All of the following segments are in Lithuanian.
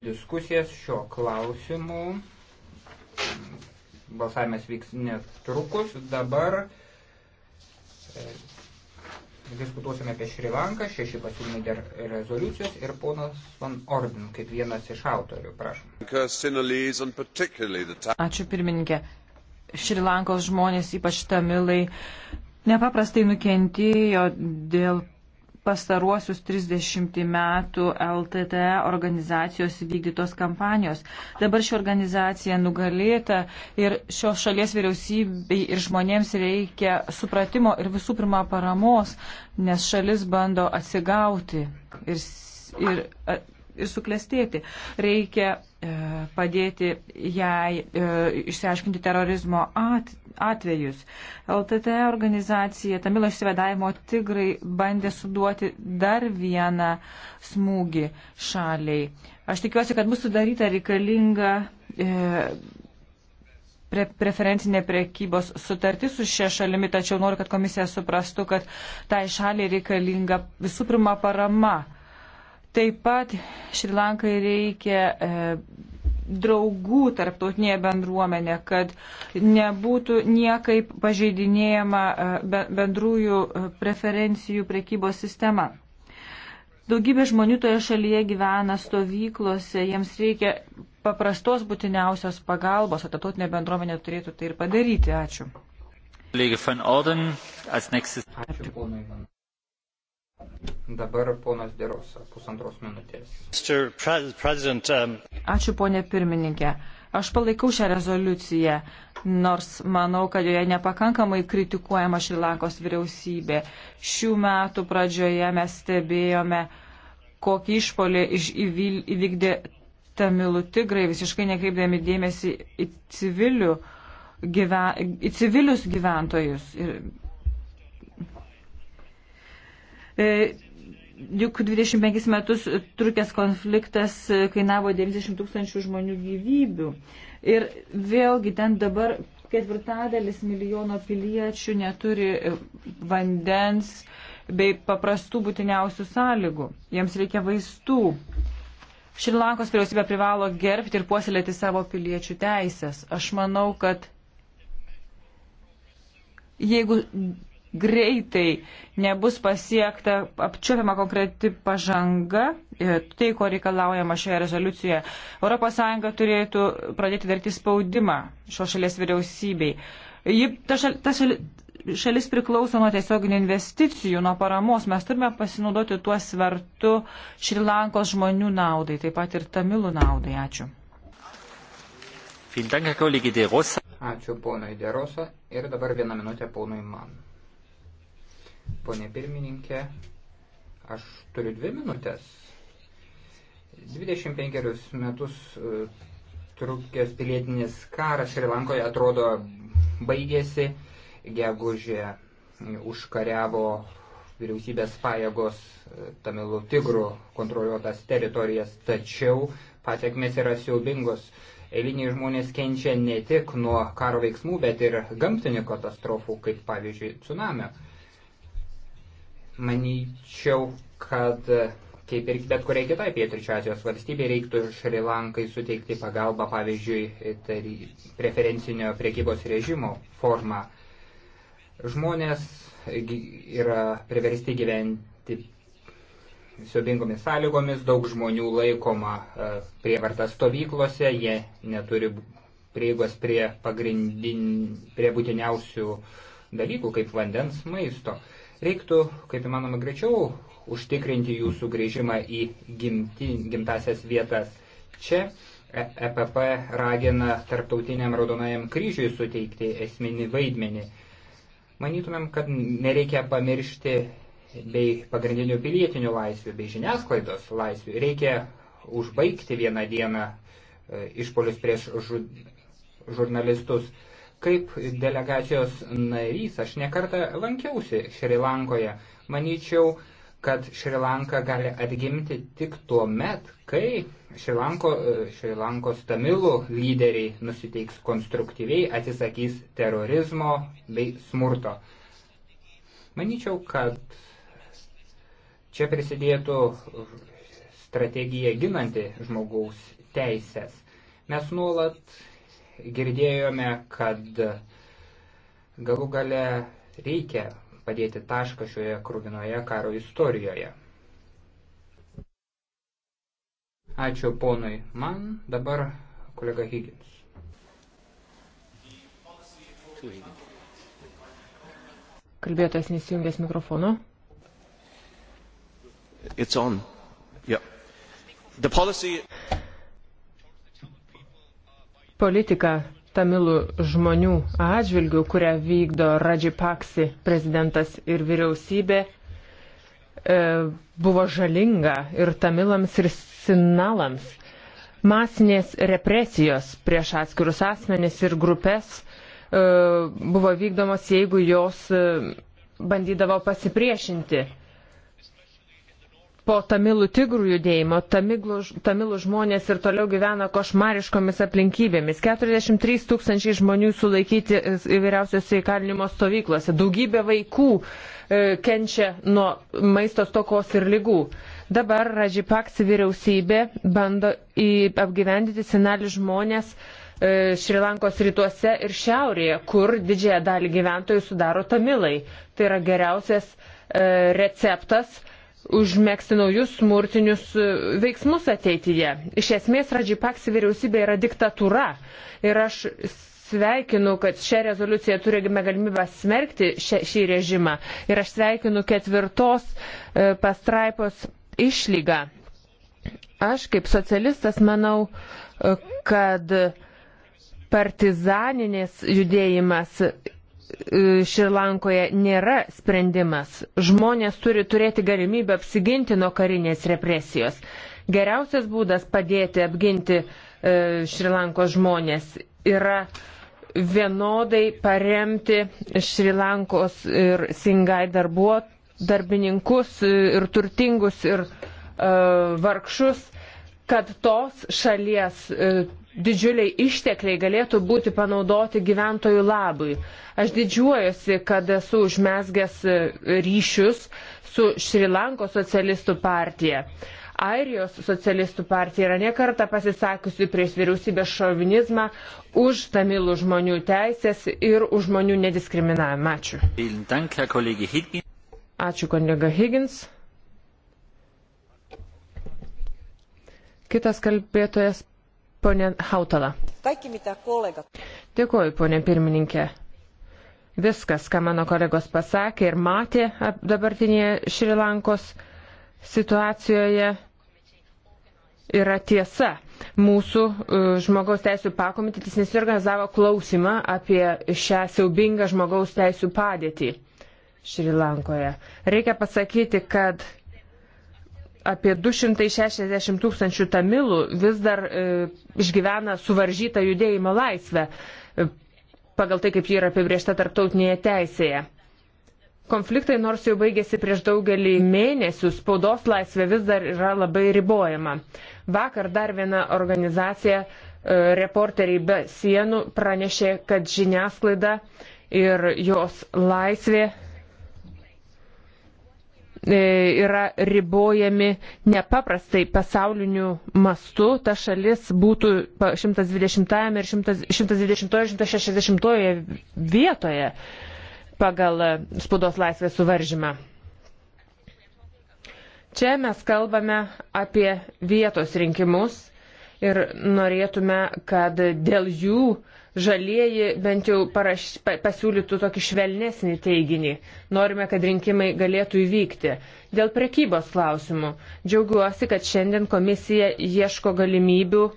diskusijas šiuo klausimu. Balsavimas vyks netrukus. Dabar e, diskutuosime apie Šrilanką, šeši pasiūlymai dar rezoliucijos ir ponas Van Orden kaip vienas iš autorių. Prašom. Ačiū pirmininkė. Šrilankos žmonės, ypač tamilai, nepaprastai nukentėjo dėl pastaruosius 30 metų LTT organizacijos vykdytos kampanijos. Dabar ši organizacija nugalėta ir šios šalies vyriausybei ir žmonėms reikia supratimo ir visų pirma paramos, nes šalis bando atsigauti ir, ir suklestėti. Reikia e, padėti jai e, išsiaiškinti terorizmo at, atvejus. LTT organizacija Tamilo išsivadavimo tigrai bandė suduoti dar vieną smūgį šaliai. Aš tikiuosi, kad bus sudaryta reikalinga e, pre, preferencinė priekybos sutartis su šia šalimi, tačiau noriu, kad komisija suprastų, kad tai šaliai reikalinga visų pirma parama. Taip pat Šrilankai reikia e, draugų tarptautinėje bendruomenė, kad nebūtų niekaip pažeidinėjama e, bendrųjų e, preferencijų prekybos sistema. Daugybė žmonių toje šalyje gyvena stovyklose, jiems reikia paprastos būtiniausios pagalbos, o tarptautinė bendruomenė turėtų tai ir padaryti. Ačiū. Kollege van Orden, als nächstes. Ačiū, ponui. Dabar ponas Derosa, pusantros minutės. Um, Ačiū, ponė pirmininkė. Aš palaikau šią rezoliuciją, nors manau, kad joje nepakankamai kritikuojama Šrilankos vyriausybė. Šių metų pradžioje mes stebėjome, kokį išpolį įvykdė tamilų tigrai, visiškai nekreipdami dėmesį į, civilių, gyven, į civilius gyventojus. Ir, e, juk 25 metus trukęs konfliktas kainavo 90 tūkstančių žmonių gyvybių. Ir vėlgi ten dabar ketvirtadalis milijono piliečių neturi e, vandens bei paprastų būtiniausių sąlygų. Jiems reikia vaistų. Šrilankos vyriausybė privalo gerbti ir puoselėti savo piliečių teisės. Aš manau, kad jeigu greitai nebus pasiekta apčiuopiama konkreti pažanga, e, tai, ko reikalaujama šioje rezoliucijoje, ES turėtų pradėti daryti spaudimą šios šalies vyriausybei. Ji, ta šal, ta šal, šalis priklauso nuo tiesioginių investicijų, nuo paramos. Mes turime pasinaudoti tuo svertu Šrilankos žmonių naudai, taip pat ir tamilų naudai. Ačiū. Ačiū ponui Derosa ir dabar vieną minutę ponui man. Pone pirmininkė, aš turiu dvi minutės. 25 metus e, trukęs pilietinis karas Šrilankoje atrodo baigėsi. Gegužė e, užkariavo vyriausybės pajėgos e, Tamilų tigrų kontroliuotas teritorijas, tačiau pasiekmes yra siaubingos. Eiliniai žmonės kenčia ne tik nuo karo veiksmų, bet ir gamtinių katastrofų, kaip pavyzdžiui tsunamio Manyčiau, kad e, kaip ir bet kuriai kitai pietričio Azijos valstybei reiktų Šri Lankai suteikti pagalbą, pavyzdžiui, tari, preferencinio priekybos režimo formą. Žmonės yra priversti gyventi siubingomis sąlygomis, daug žmonių laikoma e, prievartą stovyklose, jie neturi prieigos prie, prie būtiniausių dalykų kaip vandens maisto. Reiktų, kaip įmanoma, greičiau užtikrinti jų sugrįžimą į gimti, gimtasias vietas. Čia EPP e ragina tarptautiniam raudonajam kryžiui suteikti esminį vaidmenį. Manytumėm, kad nereikia pamiršti bei pagrindinių pilietinių laisvių, bei žiniasklaidos laisvių. Reikia užbaigti vieną dieną e, išpolius prieš žurnalistus. Kaip delegacijos narys aš nekartą lankiausi Šrilankoje. Manyčiau, kad Šrilanka gali atgimti tik tuo met, kai Šrilanko, e, Šrilankos tamilų lyderiai nusiteiks konstruktyviai, atsisakys terorizmo bei smurto. Manyčiau, kad čia prisidėtų strategija ginanti žmogaus teisės. Mes nuolat girdėjome, kad galų gale reikia padėti tašką šioje krūvinoje karo istorijoje. Ačiū ponui man, dabar kolega Higgins. Kalbėtojas nesijungęs mikrofono. It's on. Yeah. The policy politiką tamilų žmonių atžvilgių, kurią vykdo Radžipaksi prezidentas ir vyriausybė, e, buvo žalinga ir tamilams, ir sinalams. Masinės represijos prieš atskirus asmenis ir grupės e, buvo vykdomos, jeigu jos e, bandydavo pasipriešinti po tamilų tigrų judėjimo tamilų, tamilų žmonės ir toliau gyvena košmariškomis aplinkybėmis. 43 tūkstančiai žmonių sulaikyti įvairiausiose įkalinimo stovyklose. Daugybė vaikų e, kenčia nuo maisto stokos ir lygų. Dabar Radžipaks vyriausybė bando į, apgyvendyti senelių žmonės e, Šrilankos rytuose ir šiaurėje, kur didžiąją dalį gyventojų sudaro tamilai. Tai yra geriausias e, receptas užmėgsti naujus smurtinius e, veiksmus ateityje. Iš esmės, Radžipaksi vyriausybė yra diktatūra ir aš sveikinu, kad šią rezoliuciją turime galimybę smerkti šią, šį režimą ir aš sveikinu ketvirtos e, pastraipos išlygą. Aš kaip socialistas manau, e, kad partizaninės judėjimas E, Šrilankoje nėra sprendimas. Žmonės turi turėti galimybę apsiginti nuo karinės represijos. Geriausias būdas padėti apginti e, Šrilankos žmonės yra vienodai paremti Šrilankos ir Singai darbuotojus darbininkus ir turtingus ir uh, vargšus, kad tos šalies uh, didžiuliai ištekliai galėtų būti panaudoti gyventojų labui. Aš didžiuojuosi, kad esu užmesgęs ryšius su Šrilanko socialistų partija. Airijos socialistų partija yra nekarta pasisakiusi prieš vyriausybės šovinizmą, už tamilų žmonių teisės ir už žmonių nediskriminavimą. Ačiū. Ačiū, kolega Higgins. Kitas kalbėtojas Pone Hautala. Dėkuoju, ponė pirmininkė. Viskas, ką mano kolegos pasakė ir matė dabartinėje Šrilankos situacijoje, yra tiesa. Mūsų e, žmogaus teisų pakomitetis nesiorganizavo klausimą apie šią siaubingą žmogaus teisų padėtį Šrilankoje. Reikia pasakyti, kad apie 260 tūkstančių tamilų vis dar e, išgyvena suvaržytą judėjimo laisvę e, pagal tai, kaip ji yra apibriešta tarptautinėje teisėje. Konfliktai nors jau baigėsi prieš daugelį mėnesių, spaudos laisvė vis dar yra labai ribojama. Vakar dar viena organizacija, e, reporteriai be sienų, pranešė, kad žiniasklaida ir jos laisvė E, yra ribojami nepaprastai pasauliniu mastu, ta šalis būtų 120 ir 120-160 vietoje pagal spaudos laisvės suvaržymą. Čia mes kalbame apie vietos rinkimus ir norėtume, kad dėl jų uh, Žalieji bent jau paraš, pasiūlytų tokį švelnesnį teiginį. Norime, kad rinkimai galėtų įvykti. Dėl prekybos klausimų. Džiaugiuosi, kad šiandien komisija ieško galimybių uh,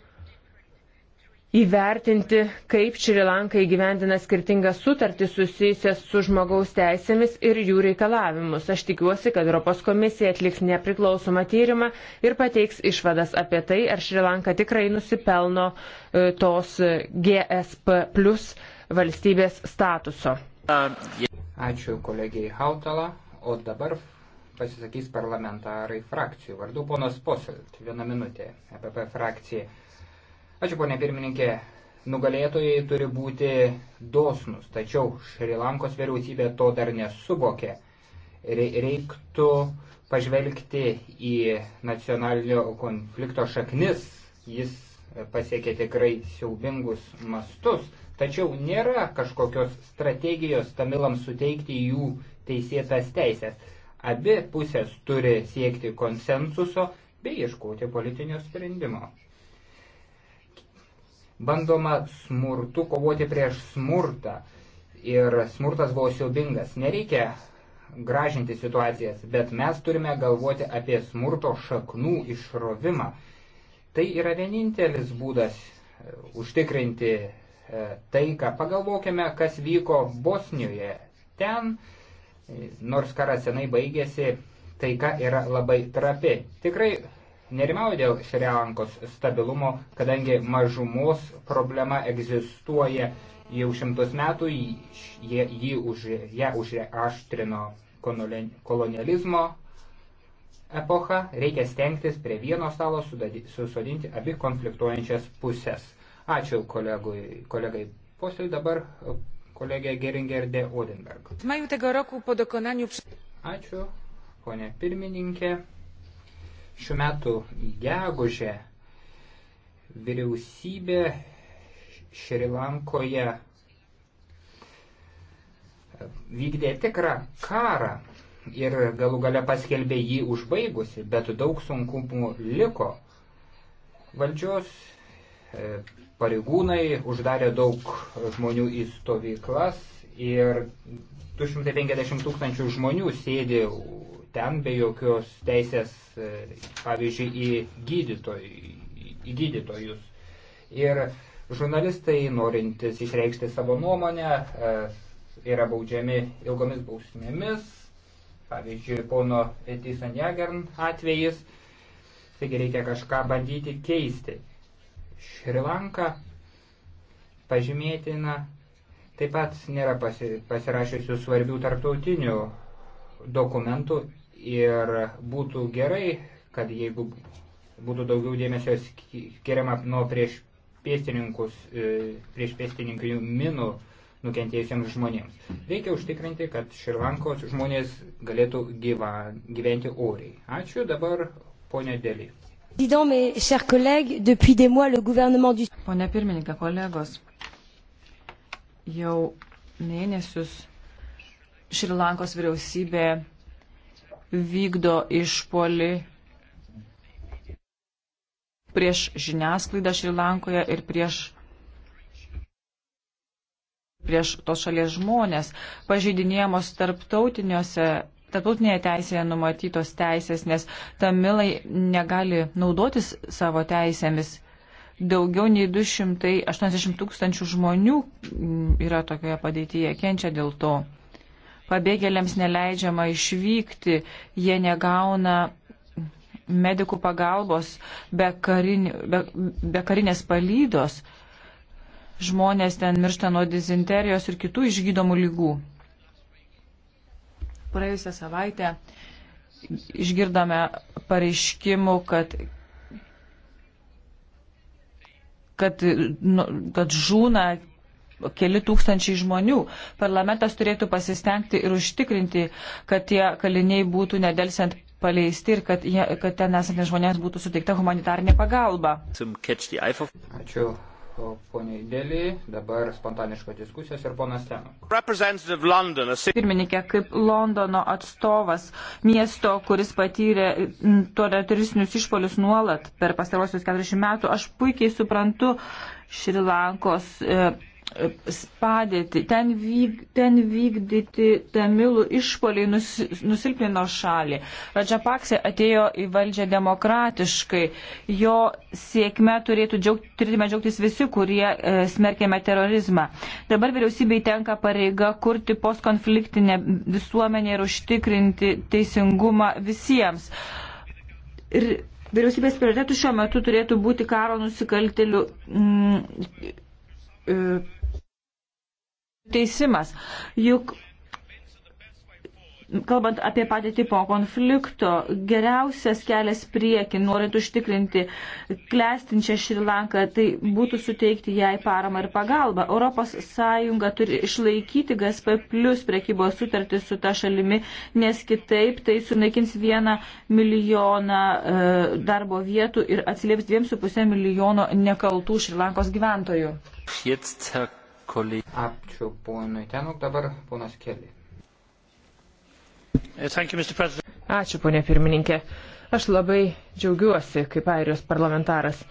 įvertinti, kaip Šrilanka įgyvendina skirtingas sutartis susijusias su žmogaus teisėmis ir jų reikalavimus. Aš tikiuosi, kad Europos komisija atliks nepriklausomą tyrimą ir pateiks išvadas apie tai, ar Šrilanka tikrai nusipelno e, tos GSP plus valstybės statuso. Ačiū kolegijai Hautala, o dabar pasisakys parlamentarai frakcijų. Vardu ponas Poselt, vieną minutę, EPP frakcija. Ačiū, ponė pirmininkė. Nugalėtojai turi būti dosnus, tačiau Šri Lankos vyriausybė to dar nesubokė. Reiktų pažvelgti į nacionalinio konflikto šaknis, jis pasiekė tikrai siaubingus mastus, tačiau nėra kažkokios strategijos tamilams suteikti jų teisėtas teisės. Abi pusės turi siekti konsensuso bei ieškoti politinio sprendimo bandoma smurtu kovoti prieš smurtą. Ir smurtas buvo siaubingas. Nereikia gražinti situacijas, bet mes turime galvoti apie smurto šaknų išrovimą. Tai yra vienintelis būdas e, užtikrinti e, taiką. Pagalvokime, kas vyko Bosnijoje. Ten, e, nors karas senai baigėsi, taika yra labai trapi. Tikrai nerimauja dėl Šrilankos stabilumo, kadangi mažumos problema egzistuoja jau šimtus metų, jie, jį už, ją užreaštrino kolonializmo epocha, reikia stengtis prie vieno stalo susodinti abi konfliktuojančias pusės. Ačiū kolegui, kolegai posėdį dabar kolegė Geringer de Odenberg. Ačiū, ponė pirmininkė. Šiuo metu gegužė vyriausybė Šrilankoje vykdė tikrą karą ir galų gale paskelbė jį užbaigusi, bet daug sunkumų liko. Valdžios e, pareigūnai uždarė daug žmonių į stovyklas ir 250 tūkstančių žmonių sėdi ten be jokios teisės, e, pavyzdžiui, į, gydytoj, į gydytojus. Ir žurnalistai, norintys išreikšti savo nuomonę, e, yra baudžiami ilgomis bausmėmis, pavyzdžiui, pono Etison Jagern atvejis, taigi reikia kažką bandyti keisti. Šrilanka pažymėtina, taip pat nėra pasirašysių svarbių tarptautinių dokumentų Ir būtų gerai, kad jeigu būtų daugiau dėmesio skiriama nuo prieš pėstininkus, e, prieš pėstininkų minų nukentėjusiems žmonėms. Reikia užtikrinti, kad Šrilankos žmonės galėtų gyva, gyventi oriai. Ačiū dabar, ponė Dėlį. Pone pirmininkė, kolegos, jau mėnesius Šrilankos vyriausybė vykdo išpolį prieš žiniasklaidą Šrilankoje ir prieš prieš tos šalies žmonės, pažeidinėjamos tarptautiniuose. Tarptautinėje teisėje numatytos teisės, nes tamilai negali naudotis savo teisėmis. Daugiau nei 280 tūkstančių žmonių yra tokioje padėtyje, kenčia dėl to pabėgėliams neleidžiama išvykti, jie negauna medikų pagalbos be, karin, be, be karinės palydos. Žmonės ten miršta nuo dizenterijos ir kitų išgydomų lygų. Praėjusią savaitę išgirdome pareiškimų, kad kad, nu, kad žūna keli tūkstančiai žmonių. Parlamentas turėtų pasistengti ir užtikrinti, kad tie kaliniai būtų nedelsiant paleisti ir kad, jie, kad ten esantiems žmonėms būtų suteikta humanitarinė pagalba. Ačiū. Pone Idėlį, dabar spontaniškos diskusijos ir ponas Tenų. Pirmininkė, kaip Londono atstovas, miesto, kuris patyrė totalitaristinius išpolius nuolat per pastarosius 40 metų, aš puikiai suprantu Šrilankos. E, padėtį. Ten, vyk, ten vykdyti tamilų išpoliai nus, nusilpnino šalį. Radžapaksė atėjo į valdžią demokratiškai. Jo sėkme turėtų džiaug, turėtume džiaugtis visi, kurie e, smerkėme terorizmą. Dabar vyriausybei tenka pareiga kurti postkonfliktinę visuomenę ir užtikrinti teisingumą visiems. Ir vyriausybės prioritetų šiuo metu turėtų būti karo nusikaltelių. Mm, e, teisimas. Juk kalbant apie patį po konflikto, geriausias kelias priekin, norint užtikrinti klestinčią Šrilanką, tai būtų suteikti jai paramą ir pagalbą. ES turi išlaikyti GSP plus prekybos sutartį su ta šalimi, nes kitaip tai sunaikins vieną milijoną e, darbo vietų ir atsilieps 2,5 milijono nekaltų Šrilankos gyventojų. Jetzt, Herr Ačiū ponui Tenuk, dabar ponas Keli. Eh, Ačiū ponė pirmininkė. Aš labai džiaugiuosi, kaip airijos parlamentaras,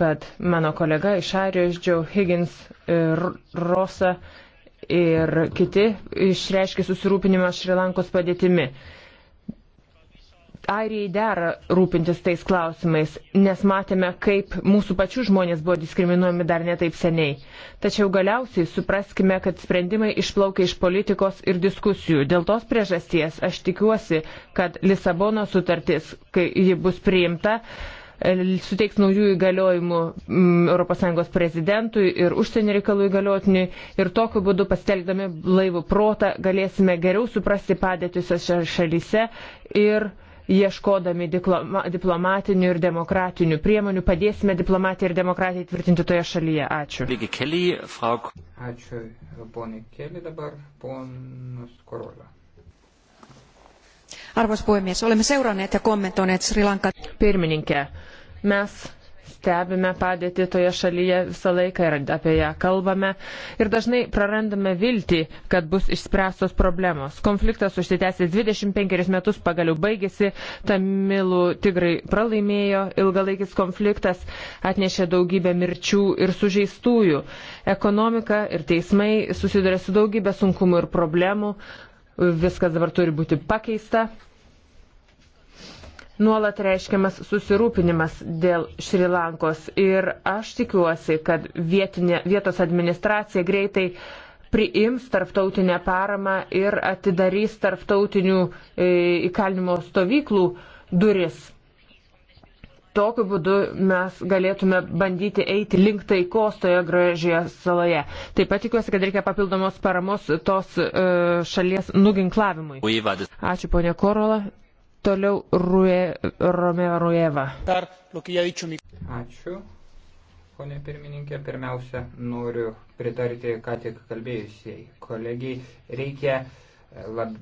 kad mano kolega iš airijos Džiau Higgins ir e, Rosa ir kiti išreiškė susirūpinimą Šrilankos padėtimi. Airijai dera rūpintis tais klausimais, nes matėme, kaip mūsų pačių žmonės buvo diskriminuojami dar netaip seniai. Tačiau galiausiai supraskime, kad sprendimai išplaukia iš politikos ir diskusijų. Dėl tos priežasties aš tikiuosi, kad Lisabono sutartis, kai ji bus priimta, suteiks naujų įgaliojimų mm, ES prezidentui ir užsienio reikalų įgaliotiniui ir tokiu būdu pastelgdami laivų protą galėsime geriau suprasti padėtius šiose šalyse ir uh, ieškodami diploma, diplomatinių ir demokratinių priemonių, padėsime diplomatiją ir demokratiją tvirtinti toje šalyje. Ačiū. Ačiū, ponai Keli, dabar ponas Korola. Arvoisa puhemies, olemme seuranneet ja kommentoineet Sri Lankan. Pirmininkė, mes stebime padėtį toje šalyje visą laiką ir apie ją kalbame. Ir dažnai prarandame viltį, kad bus išspręstos problemos. Konfliktas užsitęsė 25 metus, pagaliau baigėsi, tamilų tigrai pralaimėjo, ilgalaikis konfliktas atnešė daugybę mirčių ir sužeistųjų. Ekonomika ir teismai susiduria su daugybė sunkumų ir problemų. Viskas dabar turi būti pakeista nuolat reiškiamas susirūpinimas dėl Šrilankos ir aš tikiuosi, kad vietinė, vietos administracija greitai priims tarptautinę paramą ir atidarys tarptautinių e, įkalinimo stovyklų duris. Tokiu būdu mes galėtume bandyti eiti link taikos toje gražioje saloje. Taip pat tikiuosi, kad reikia papildomos paramos tos uh, šalies nuginklavimui. Ačiū ponė Korola. Toliau Rue, Romeo Rueva. Ačiū. Pone pirmininkė, pirmiausia, noriu pritarti ką tik kalbėjusiai kolegijai. Reikia e, lab,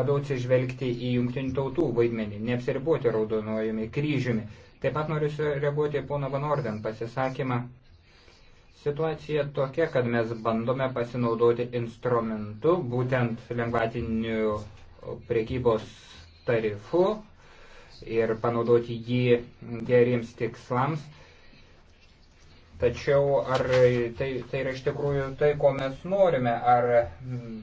labiau atsižvelgti į jungtinių tautų vaidmenį, neapsiribuoti raudonuojami kryžiumi. Taip pat noriu reaguoti į pono Van Orden pasisakymą. Situacija tokia, kad mes bandome pasinaudoti instrumentu, būtent lengvatinių priekybos tarifu ir panaudoti jį geriems tikslams. Tačiau ar tai, tai yra iš tikrųjų tai, ko mes norime, ar mm,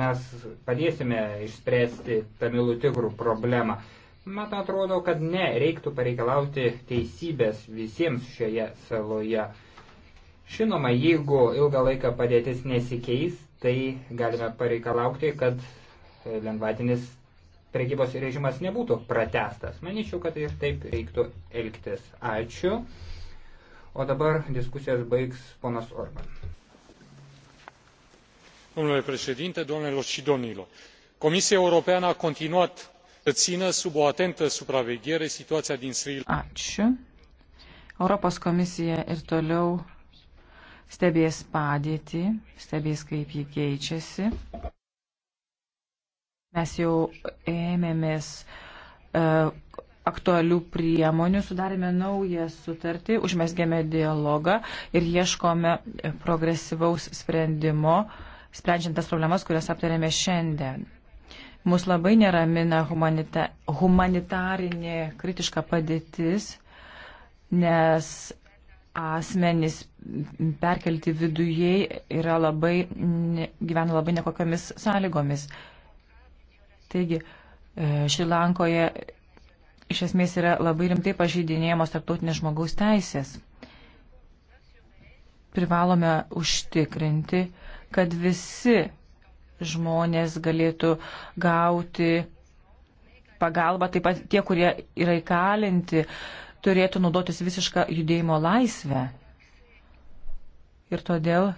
mes padėsime išspręsti tamilų tigrų problemą. Man atrodo, kad ne, reiktų pareikalauti teisybės visiems šioje saloje. Žinoma, jeigu ilgą laiką padėtis nesikeis, tai galime pareikalauti, kad lengvatinis prekybos režimas nebūtų pratestas. Manyčiau, kad ir taip reiktų elgtis. Ačiū. O dabar diskusijas baigs ponas Orban. Domnule președinte, domnilor și domnilor, Comisia Europeană a continuat să țină sub o atentă supraveghere situația din Sri Lanka. Ačiū. Europos komisija ir toliau stebės padėtį, stebės kaip jį keičiasi. Mes jau ėmėmės uh, aktualių priemonių, sudarėme naują sutartį, užmesgėme dialogą ir ieškome progresyvaus sprendimo, sprendžiant tas problemas, kurias aptarėme šiandien. Mus labai neramina humanita, humanitarinė kritiška padėtis, nes asmenys perkelti viduje yra labai, gyvena labai nekokiamis sąlygomis. Taigi, e, Šilankoje iš esmės yra labai rimtai pažydinėjamos tarptautinės žmogaus teisės. Privalome užtikrinti, kad visi žmonės galėtų gauti pagalbą, taip pat tie, kurie yra įkalinti, turėtų naudotis visišką judėjimo laisvę. Ir todėl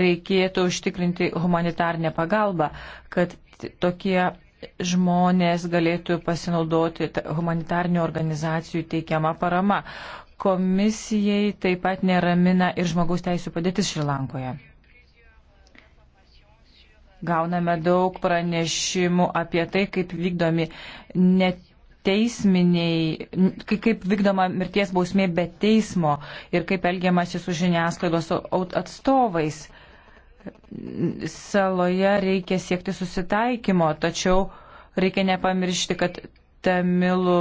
reikėtų užtikrinti humanitarnę pagalbą, kad kad tokie žmonės galėtų pasinaudoti humanitarnių organizacijų teikiama parama. Komisijai taip pat neramina ir žmogaus teisų padėtis Šrilankoje. Gauname daug pranešimų apie tai, kaip vykdomi net teisminiai, kaip vykdoma mirties bausmė be teismo ir kaip elgiamasi su žiniasklaidos atstovais. Uh, saloje reikia siekti susitaikymo, tačiau reikia nepamiršti, kad tamilų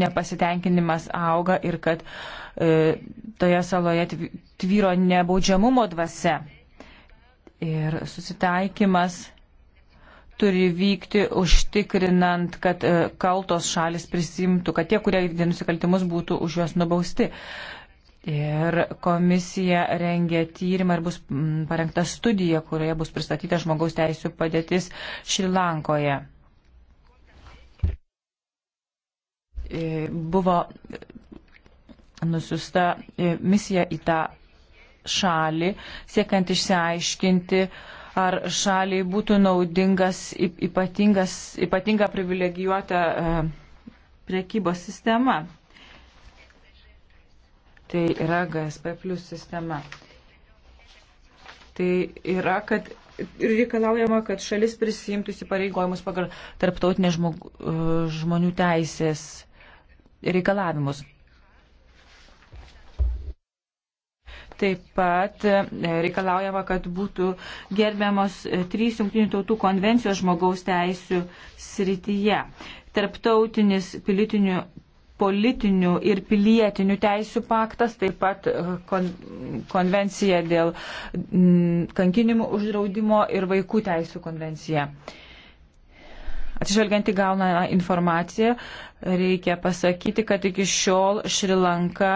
nepasitenkinimas auga ir kad e, toje saloje tvyro nebaudžiamumo dvasia. Ir susitaikymas turi vykti užtikrinant, kad e, kaltos šalis prisimtų, kad tie, kurie vykdė nusikaltimus, būtų už juos nubausti. E, Ir komisija rengia tyrimą ir bus parengta studija, kurioje bus pristatyta žmogaus teisų padėtis Šrilankoje. E, buvo nusiusta e, misija į tą šalį, siekiant išsiaiškinti, ar šaliai būtų naudingas ypatinga privilegijuota e, prekybos sistema tai yra GSP plus sistema. Tai yra, kad reikalaujama, kad šalis prisimtų įsipareigojimus pagal tarptautinę žmog, e, žmonių teisės reikalavimus. Taip pat e, reikalaujama, kad būtų gerbiamos e, trys jungtinių tautų konvencijos žmogaus teisų srityje. Tarptautinis pilietinių, politinių ir pilietinių teisų paktas, taip pat e, kon, konvencija dėl m, mm, kankinimų uždraudimo ir vaikų teisų konvencija. Atsižvelgiant į gaunamą informaciją, reikia pasakyti, kad iki šiol Šrilanka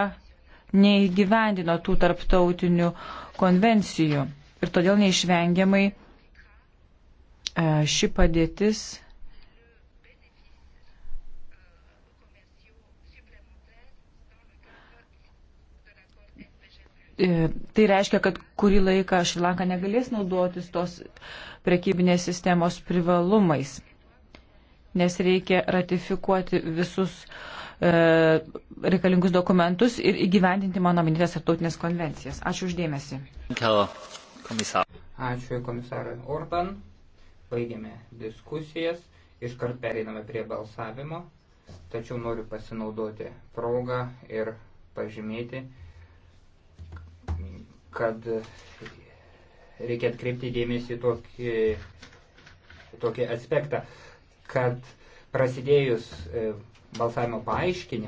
neįgyvendino tų tarptautinių konvencijų ir todėl neišvengiamai e, ši padėtis E, tai reiškia, kad kurį laiką Šilanka negalės naudotis tos prekybinės sistemos privalumais, nes reikia ratifikuoti visus e, reikalingus dokumentus ir įgyvendinti mano minėtas tarptautinės konvencijas. Ačiū uždėmesi. Ačiū komisarui Orban. Baigėme diskusijas. Iškart pereiname prie balsavimo. Tačiau noriu pasinaudoti progą ir pažymėti, kad reikia atkreipti dėmesį tokį, tokį aspektą, kad prasidėjus e, balsavimo paaiškinimą